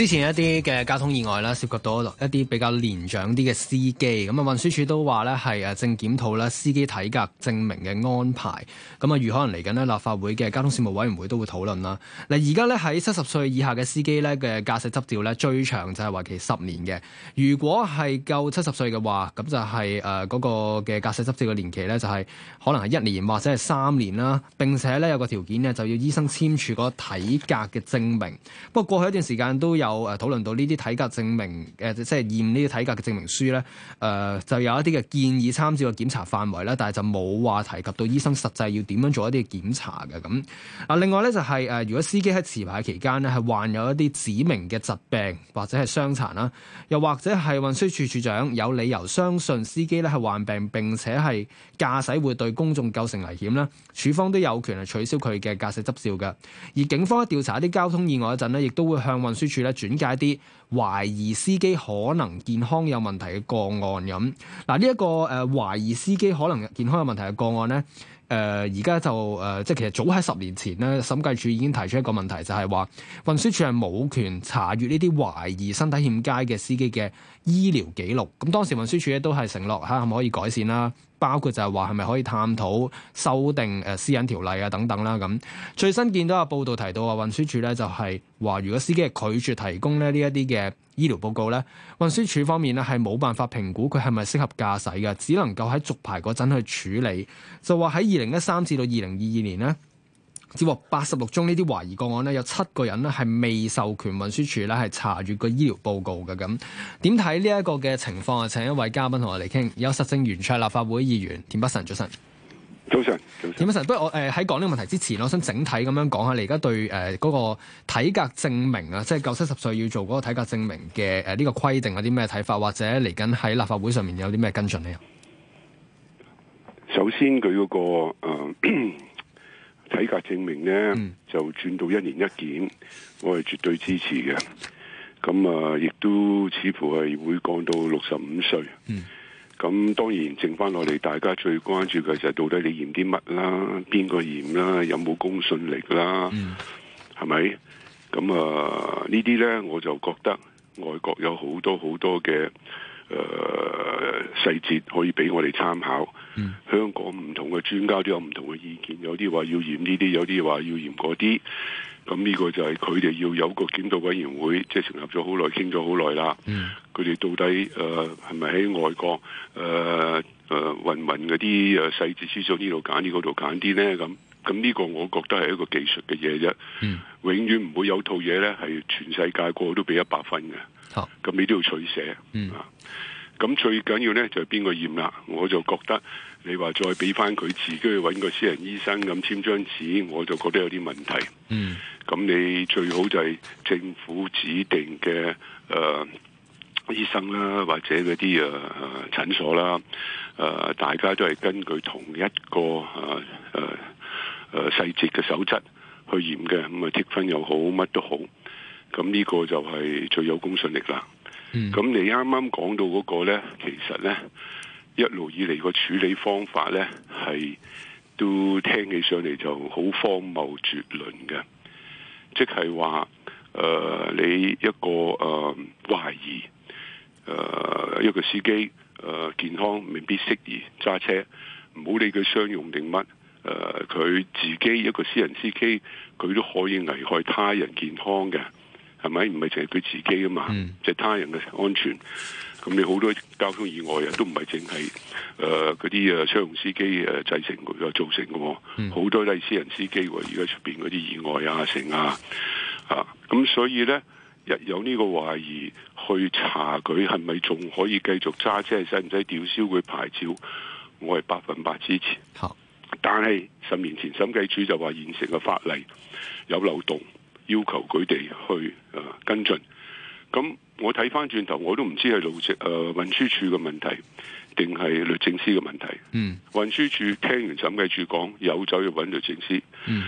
之前一啲嘅交通意外啦，涉及到一啲比較年長啲嘅司機，咁啊運輸署都話咧係誒正檢討啦司機體格證明嘅安排，咁啊如可能嚟緊咧立法會嘅交通事務委員會都會討論啦。嗱而家咧喺七十歲以下嘅司機咧嘅駕駛執照咧最長就係話為期十年嘅，如果係夠七十歲嘅話，咁就係誒嗰個嘅駕駛執照嘅年期咧就係、是、可能係一年或者係三年啦。並且咧有個條件咧就要醫生簽署個體格嘅證明。不過過去一段時間都有。有誒討論到呢啲體格證明誒、呃，即係驗呢啲體格嘅證明書咧，誒、呃、就有一啲嘅建議參照個檢查範圍啦，但係就冇話提及到醫生實際要點樣做一啲檢查嘅咁。嗱，另外咧就係、是、誒、呃，如果司機喺持牌期間呢，係患有一啲指明嘅疾病或者係傷殘啦，又或者係運輸署署長有理由相信司機咧係患病並且係駕駛會對公眾構成危險啦，處方都有權係取消佢嘅駕駛執照嘅。而警方一調查一啲交通意外嗰陣呢，亦都會向運輸署咧，轉介一啲懷疑司機可能健康有問題嘅個案咁，嗱呢一個誒懷疑司機可能健康有問題嘅個案呢，誒而家就誒、呃、即係其實早喺十年前呢，審計署已經提出一個問題，就係、是、話運輸署係冇權查閲呢啲懷疑身體欠佳嘅司機嘅醫療記錄。咁當時運輸署咧都係承諾嚇，係咪可以改善啦？包括就係話係咪可以探討修訂誒私隱條例啊等等啦咁。最新見到有報道提到啊，運輸署咧就係話，如果司機係拒絕提供咧呢一啲嘅醫療報告咧，運輸署方面咧係冇辦法評估佢係咪適合駕駛嘅，只能夠喺續牌嗰陣去處理。就話喺二零一三至到二零二二年咧。只話八十六宗呢啲懷疑個案呢，有七個人呢係未授權運輸署呢係查閱個醫療報告嘅咁。點睇呢一個嘅情況啊？請一位嘉賓同我嚟傾。有實政圓桌立法會議員田北辰早晨，早晨。田北辰，不過上我誒喺講呢個問題之前，我想整體咁樣講下你，而家對誒嗰個體格證明啊，即係夠七十歲要做嗰個體格證明嘅誒呢個規定有啲咩睇法，或者嚟緊喺立法會上面有啲咩跟進呢？首先佢嗰、那個誒。呃 體格證明呢就轉到一年一檢，我係絕對支持嘅。咁啊，亦都似乎係會降到六十五歲。咁當然剩翻落嚟，大家最關注嘅就係到底你驗啲乜啦，邊個驗啦，有冇公信力啦，係咪？咁啊，呢、呃、啲呢，我就覺得外國有好多好多嘅。誒、uh, 細節可以俾我哋參考。Mm. 香港唔同嘅專家都有唔同嘅意見，有啲話要驗呢啲，有啲話要驗嗰啲。咁呢個就係佢哋要有個檢討委員會，即、就、係、是、成立咗好耐，傾咗好耐啦。佢哋、mm. 到底誒係咪喺外國誒誒混混嗰啲誒細節思想呢度揀啲，嗰度揀啲呢？咁咁呢個我覺得係一個技術嘅嘢啫。Mm. 永遠唔會有套嘢呢係全世界個個都俾一百分嘅。咁、哦、你都要取捨咁、嗯啊、最緊要呢就係邊個驗啦，我就覺得你話再俾翻佢自己去揾個私人醫生咁簽張紙，我就覺得有啲問題。嗯，咁你最好就係政府指定嘅誒、呃、醫生啦，或者嗰啲誒診所啦，誒、呃、大家都係根據同一個誒誒誒細節嘅守則去驗嘅，咁啊貼分又好，乜都好。咁呢個就係最有公信力啦。咁、嗯、你啱啱講到嗰個呢，其實呢一路以嚟個處理方法呢，係都聽起上嚟就好荒謬絕倫嘅。即係話，誒、呃，你一個誒懷、呃、疑，誒、呃，一個司機誒、呃、健康未必適宜揸車，唔好理佢商用定乜，誒、呃，佢自己一個私人司機，佢都可以危害他人健康嘅。係咪唔係淨係佢自己啊嘛？即係、mm. 他人嘅安全。咁你好多交通意外啊，都唔係淨係誒嗰啲誒駕駛司機誒製成個造成嘅喎。好、呃 mm. 多都係私人司機喎，而家出面嗰啲意外啊成啊啊。咁所以咧有呢個懷疑去查佢係咪仲可以繼續揸車，使唔使吊銷佢牌照？我係百分百支持。好但係十年前審計處就話現成嘅法例有漏洞。要求佢哋去啊跟進，咁我睇翻轉頭，我都唔知係路政誒運輸署嘅問題，定係律政司嘅問題。嗯，運輸署聽完審計處講，有走去揾律政司。嗯，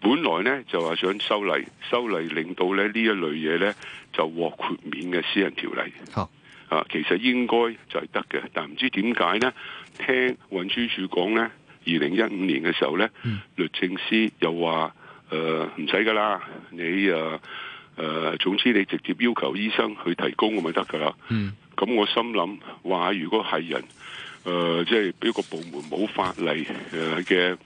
本來咧就話想修例，修例令到咧呢一類嘢咧就獲豁免嘅私人條例。好啊，其實應該就係得嘅，但唔知點解咧，聽運輸署講咧，二零一五年嘅時候咧，律政司又話。誒，唔使噶啦，你誒誒、呃呃，總之你直接要求醫生去提供咁咪得噶啦。咁、嗯、我心諗話，如果係人誒，即、呃、係、就是、一個部門冇法例誒嘅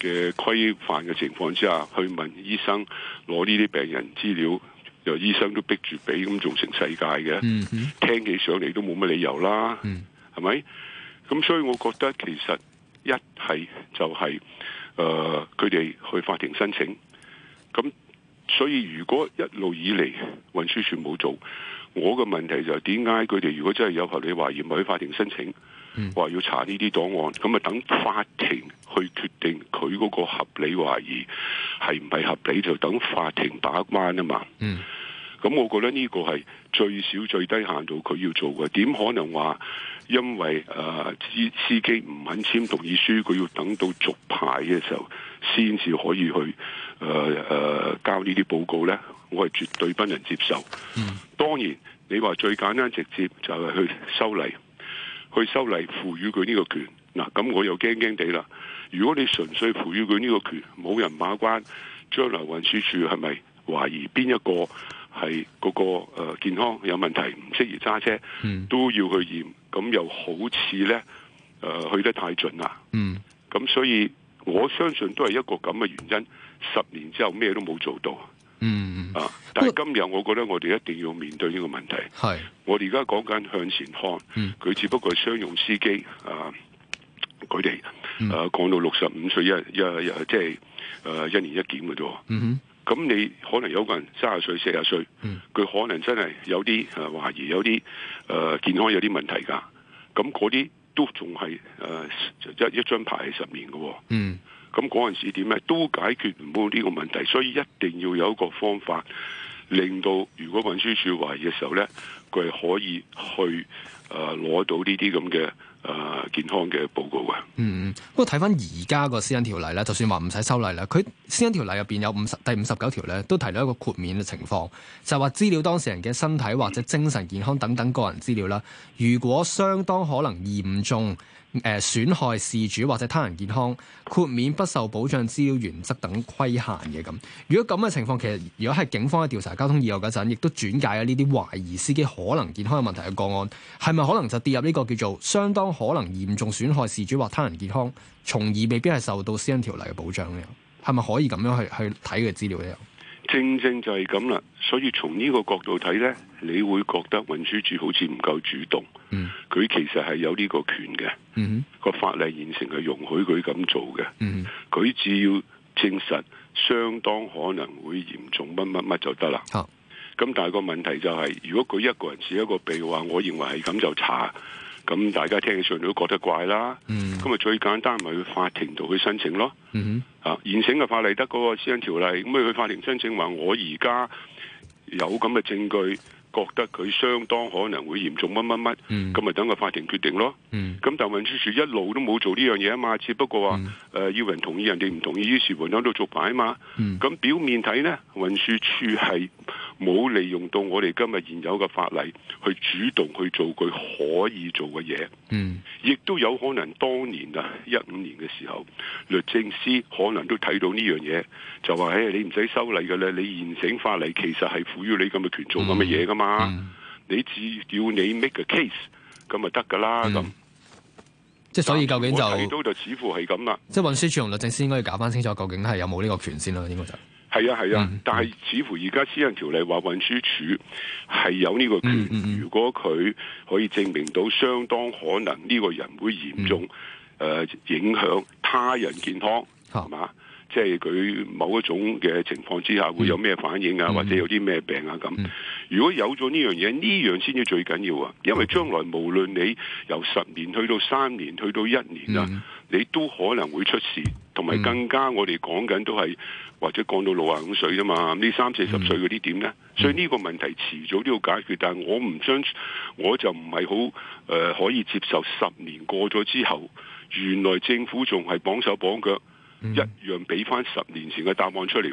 嘅規範嘅情況之下，去問醫生攞呢啲病人資料，就醫生都逼住俾，咁造成世界嘅，嗯嗯、聽起上嚟都冇乜理由啦，係咪、嗯？咁所以我覺得其實一係就係、是。誒，佢哋、呃、去法庭申請，咁所以如果一路以嚟運輸署冇做，我嘅問題就係點解佢哋如果真係有合理懷疑，咪去法庭申請，話要查呢啲檔案，咁咪等法庭去決定佢嗰個合理懷疑係唔係合理，就等法庭把關啊嘛。嗯咁我覺得呢個係最少最低限度佢要做嘅，點可能話因為誒、呃、司司機唔肯簽同意書，佢要等到續牌嘅時候先至可以去誒誒、呃呃、交呢啲報告呢？我係絕對不能接受。當然你話最簡單直接就係去修例，去修例賦予佢呢個權。嗱、啊，咁我又驚驚地啦。如果你純粹賦予佢呢個權，冇人把關，將來運輸署係咪懷疑邊一個？係嗰個誒、呃、健康有問題唔適宜揸車，嗯、都要去驗。咁又好似呢誒、呃、去得太盡啦。咁、嗯、所以我相信都係一個咁嘅原因。十年之後咩都冇做到。嗯啊，但係今日我覺得我哋一定要面對呢個問題。係、嗯、我哋而家講緊向前看，佢、嗯、只不過係商用司機啊，佢哋誒講到六十五歲一一,一即係、呃、一年一檢嘅啫。嗯咁你可能有個人三十歲四十歲，佢可能真係有啲懷疑，有啲誒、呃、健康有啲問題噶，咁嗰啲都仲係誒一一張牌係十年嗯，咁嗰陣時點咧都解決唔到呢個問題，所以一定要有一個方法令到如果運輸署懷疑嘅時候咧，佢係可以去誒攞，呃、到呢啲咁嘅。誒、啊，健康嘅報告嘅、啊，嗯，不過睇返而家個私隱條例咧，就算話唔使修例啦，佢私隱條例入邊有五十第五十九條咧，都提到一個豁免嘅情況，就話資料當事人嘅身體或者精神健康等等個人資料啦，如果相當可能嚴重。誒、呃、損害事主或者他人健康，豁免不受保障資料原則等規限嘅。咁如果咁嘅情況，其實如果係警方喺調查交通意外嗰陣，亦都轉介咗呢啲懷疑司機可能健康嘅問題嘅個案，係咪可能就跌入呢個叫做相當可能嚴重損害事主或他人健康，從而未必係受到私隱條例嘅保障呢？係咪可以咁樣去去睇佢資料呢？正正就係咁啦，所以從呢個角度睇呢，你會覺得運輸署好似唔夠主動。佢、mm hmm. 其實係有呢個權嘅。個、mm hmm. 法例現成係容許佢咁做嘅。佢、mm hmm. 只要證實相當可能會嚴重乜乜乜就得啦。咁、oh. 但係個問題就係、是，如果佢一個人只有一個鼻嘅話，我認為係咁就查。咁大家聽起上都覺得怪啦，咁啊、mm hmm. 最簡單咪去法庭度去申請咯，mm hmm. 啊，現成嘅法例得嗰個私隱條例，咁你去法庭申請話我而家有咁嘅證據，覺得佢相當可能會嚴重乜乜乜，咁咪等個法庭決定咯。咁、mm hmm. 但運輸署，署一路都冇做呢樣嘢啊嘛，只不過話誒、mm hmm. 呃、要人同意人哋唔同意於是事，換度做擺啊嘛。咁、mm hmm. 表面睇呢，運輸署係。冇利用到我哋今日現有嘅法例去主動去做佢可以做嘅嘢。嗯，亦都有可能當年啊一五年嘅時候律政司可能都睇到呢樣嘢，就話唉你唔使修例嘅咧，你現成法例其實係賦予你咁嘅權做嘅嘢噶嘛，嗯嗯、你只要你 make 嘅 case 咁咪得噶啦咁。即係所以究竟就我睇到就似乎係咁啦。即係運輸署同律政司應該要搞翻清楚究竟係有冇呢個權先啦，應該就。係啊係啊，但係似乎而家私隱條例話運輸署係有呢個權，嗯嗯嗯、如果佢可以證明到相當可能呢個人會嚴重、嗯呃、影響他人健康，係嘛、啊？即係佢某一種嘅情況之下會有咩反應啊，嗯、或者有啲咩病啊咁。這嗯嗯、如果有咗呢樣嘢，呢樣先至最緊要啊，因為將來無論你由十年去到三年，去到一年啊。嗯嗯你都可能會出事，同埋更加我哋講緊都係或者降到六啊五歲啫嘛，呢三四十歲嗰啲點呢？所以呢個問題遲早都要解決，但係我唔想，我就唔係好誒可以接受十年過咗之後，原來政府仲係綁手綁腳。一樣俾翻十年前嘅答案出嚟。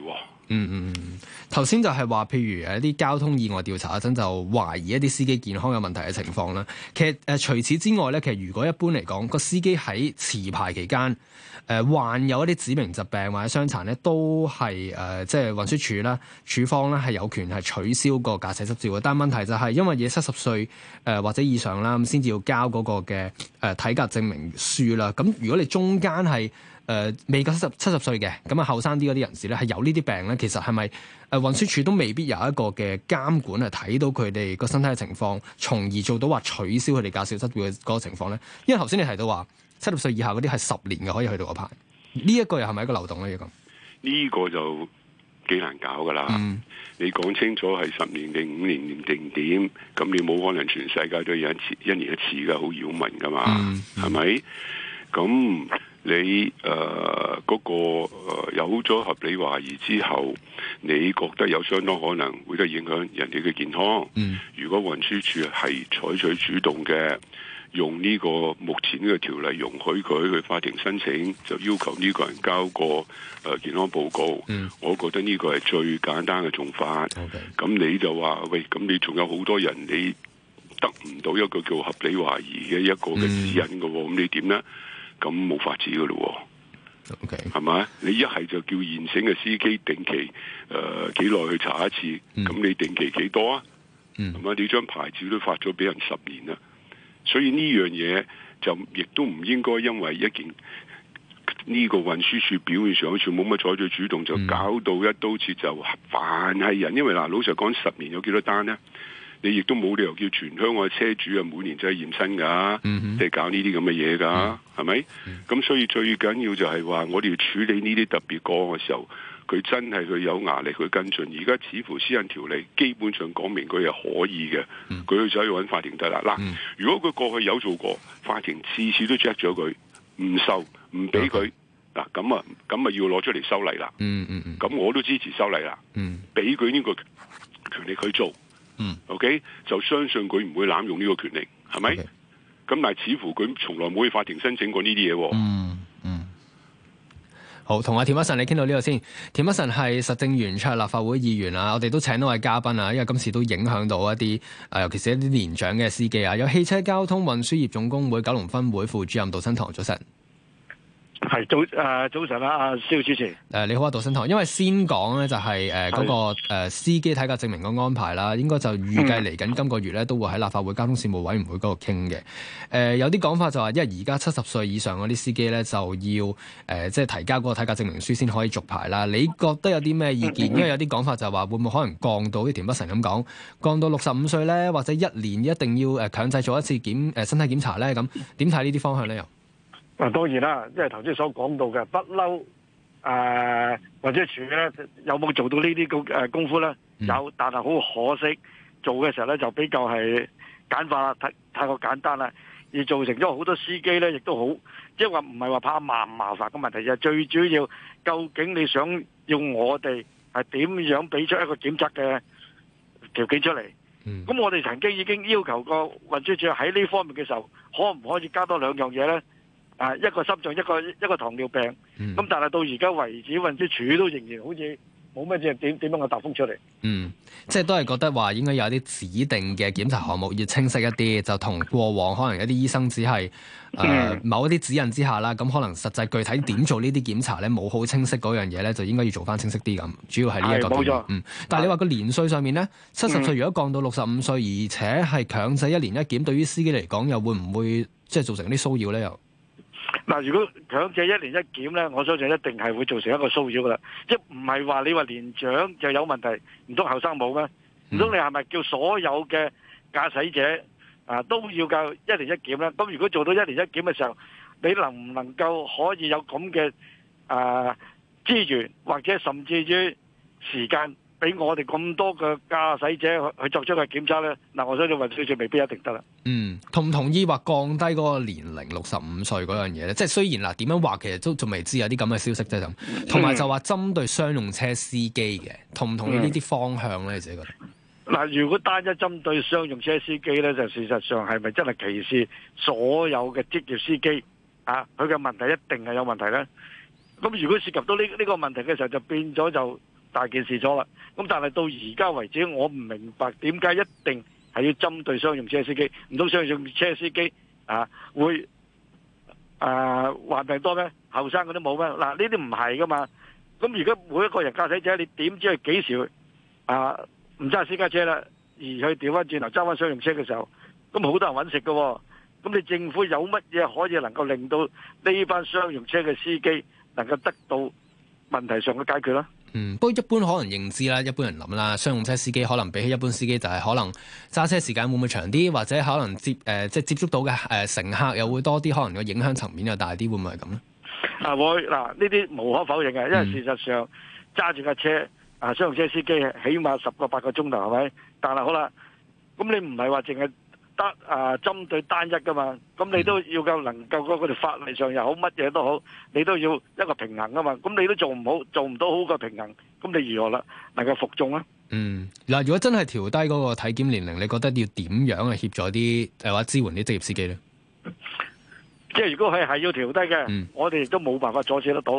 嗯嗯嗯，頭、嗯、先就係話，譬如一啲交通意外調查嗰陣就懷疑一啲司機健康有問題嘅情況啦。其實誒、呃，除此之外咧，其實如果一般嚟講，個司機喺持牌期間誒、呃，患有一啲指明疾病或者傷殘咧，都係誒，即、呃、係、就是、運輸署啦、處方咧係有權係取消個駕駛執照嘅。但問題就係因為嘢七十歲誒、呃、或者以上啦，咁先至要交嗰個嘅誒體格證明書啦。咁如果你中間係。誒、呃、未夠七,七十歲嘅，咁啊，後生啲嗰啲人士咧，係有這些呢啲病咧，其實係咪誒運輸署都未必有一個嘅監管係睇到佢哋個身體嘅情況，從而做到話取消佢哋駕駛執照個情況咧？因為頭先你提到話七十歲以下嗰啲係十年嘅可以去到嗰排，呢、這個、一個又係咪一個漏洞咧？而家呢個就幾難搞噶啦，嗯、你講清楚係十年定五年定點，咁你冇可能全世界都有一次一年一次噶，好擾民噶嘛？係咪咁？你誒嗰、呃那個、呃、有咗合理懷疑之後，你覺得有相當可能會對影響人哋嘅健康。嗯、如果運輸署係採取主動嘅，用呢個目前呢個條例容許佢去法庭申請，就要求呢個人交個、呃、健康報告。嗯、我覺得呢個係最簡單嘅做法。咁 Okay. 你就話喂，咁你仲有好多人你得唔到一個叫合理懷疑嘅一個嘅指引嘅，咁、嗯、你點呢？咁冇法子噶咯，OK，係嘛？你一係就叫現成嘅司機定期誒幾耐去查一次？咁、mm. 你定期幾多啊？係嘛、mm.？你張牌子都發咗俾人十年啦，所以呢樣嘢就亦都唔應該因為一件呢個運輸署表面上好似冇乜採取主動，就搞到一刀切就凡係人，mm. 因為嗱，老實講，十年有幾多單咧？你亦都冇理由叫全香港嘅車主啊，每年真係驗身噶，即係、hmm. 搞呢啲咁嘅嘢噶，係咪？咁所以最緊要就係話，我哋要處理呢啲特別個案嘅時候，佢真係佢有壓力，佢跟進。而家似乎私人條例基本上講明佢係可以嘅，佢、mm hmm. 就喺度揾法庭得啦。嗱、mm，hmm. 如果佢過去有做過，法庭次次都 check 咗佢，唔受，唔俾佢嗱，咁、mm hmm. 啊，咁啊，要攞出嚟修例啦。咁、mm hmm. 我都支持修例啦。俾佢呢個權力佢做。嗯，OK，就相信佢唔會濫用呢個權力，係咪 Okay.？咁但係似乎佢從來冇去法庭申請過呢啲嘢。嗯嗯。好，同阿田北辰，你傾到呢度先。田北辰係實政圓桌立法會議員啊，我哋都請到位嘉賓啊，因為今次都影響到一啲啊，尤其是一啲年長嘅司機啊，有汽車交通運輸業總工會九龍分會副主任杜燊棠，早晨。係早誒、呃、早晨啊，肖主席。誒、呃、你好啊，杜燊棠。因為先講咧就係誒嗰個司機體格證明嘅安排啦，應該就預計嚟緊今個月咧都會喺立法會交通事務委員會嗰度傾嘅。誒、呃、有啲講法就話，因為而家七十歲以上嗰啲司機咧就要誒、呃、即係提交嗰個體格證明書先可以續牌啦。你覺得有啲咩意見？嗯嗯、因為有啲講法就話會唔會可能降到？好似田北辰咁講降到六十五歲咧，或者一年一定要誒強制做一次檢誒、呃、身體檢查咧咁？點睇呢啲方向咧又？嗱，當然啦，即係頭先所講到嘅，不嬲誒運輸署咧有冇做到呢啲咁誒功夫咧？有，但係好可惜，做嘅時候咧就比較係簡化太，太過簡單啦，而造成咗好多司機咧亦都好，即係話唔係話怕麻唔麻煩嘅問題，就最主要究竟你想要我哋係點樣俾出一個檢測嘅條件出嚟？咁、嗯、我哋曾經已經要求過運輸署喺呢方面嘅時候，可唔可以加多兩樣嘢咧？啊！一個心臟，一個一個糖尿病，咁、嗯、但係到而家為止，運輸署都仍然好似冇咩嘢點點樣嘅答覆出嚟。嗯，即係都係覺得話應該有啲指定嘅檢查項目要清晰一啲，就同過往可能一啲醫生只係誒某一啲指引之下啦。咁、嗯、可能實際具體點做呢啲檢查咧，冇好清晰嗰樣嘢咧，就應該要做翻清晰啲咁。主要係呢一個冇錯嗯，但係你話個年歲上面咧，七十、啊、歲如果降到六十五歲，而且係強制一年一檢，嗯、對於司機嚟講又會唔會即係造成啲騷擾咧？又？但如果強制一年一檢呢，我相信一定係會造成一個騷擾㗎喇，即唔係話你話年長就有問題，唔通後生冇咩？唔通你係咪叫所有嘅駕駛者啊都要夠一年一檢呢？咁如果做到一年一檢嘅時候，你能唔能夠可以有咁嘅啊資源，或者甚至於時間？俾我哋咁多嘅駕駛者去作出嘅檢測咧，嗱，我相信運輸署未必一定得啦。嗯，同唔同意或降低嗰個年齡六十五歲嗰樣嘢咧？即係雖然嗱，點樣話其實都仲未知有啲咁嘅消息即係咁。同埋就話針對商用車司機嘅，嗯、同唔同意呢啲方向咧？你睇覺嗱，如果單一針對商用車司機咧，就事實上係咪真係歧視所有嘅職業司機啊？佢嘅問題一定係有問題咧。咁如果涉及到呢呢個問題嘅時候，就變咗就。大件事咗啦！咁但係到而家為止，我唔明白點解一定係要針對商用車司機？唔通商用車司機啊會啊患病多咩？後生嗰啲冇咩？嗱呢啲唔係噶嘛？咁而家每一個人駕駛者，你點知佢幾時啊唔揸私家車啦，而去掉翻轉頭揸翻商用車嘅時候，咁好多人揾食噶，咁你政府有乜嘢可以能夠令到呢班商用車嘅司機能夠得到問題上嘅解決呢？嗯，不過一般可能認知啦，一般人諗啦，商用車司機可能比起一般司機就係可能揸車時間會唔會長啲，或者可能接誒、呃、即係接觸到嘅誒、呃、乘客又會多啲，可能個影響層面又大啲，會唔會係咁呢啊？啊，會嗱，呢啲無可否認嘅，因為事實上揸住架車啊，商用車司機起碼十個八個鐘頭係咪？但係好啦，咁你唔係話淨係。得啊，針對單一噶嘛，咁你都要夠能夠嗰個條法例上又好，乜嘢、嗯、都好，你都要一個平衡噶嘛，咁你都做唔好，做唔到好個平衡，咁你如何啦，能夠服眾咧？嗯，嗱，如果真係調低嗰個體檢年齡，你覺得要點樣去協助啲，係、呃、話支援啲職業司機呢？即係如果佢係要調低嘅，嗯、我哋都冇辦法阻止得到。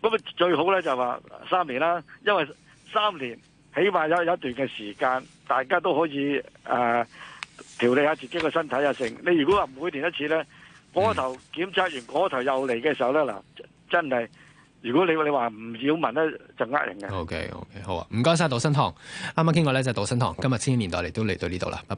咁啊，最好呢就話三年啦，因為三年起碼有有一段嘅時間，大家都可以誒。呃調理一下自己個身體啊，成你如果話每年一次咧，嗰、那個、頭檢查完，嗰、那個、頭又嚟嘅時候咧，嗱真係，如果你你話唔擾民咧，就呃人嘅。O K O K 好啊，唔該晒杜燊棠，啱啱傾過咧就係杜燊棠，今日千年代嚟都嚟到呢度啦，拜拜。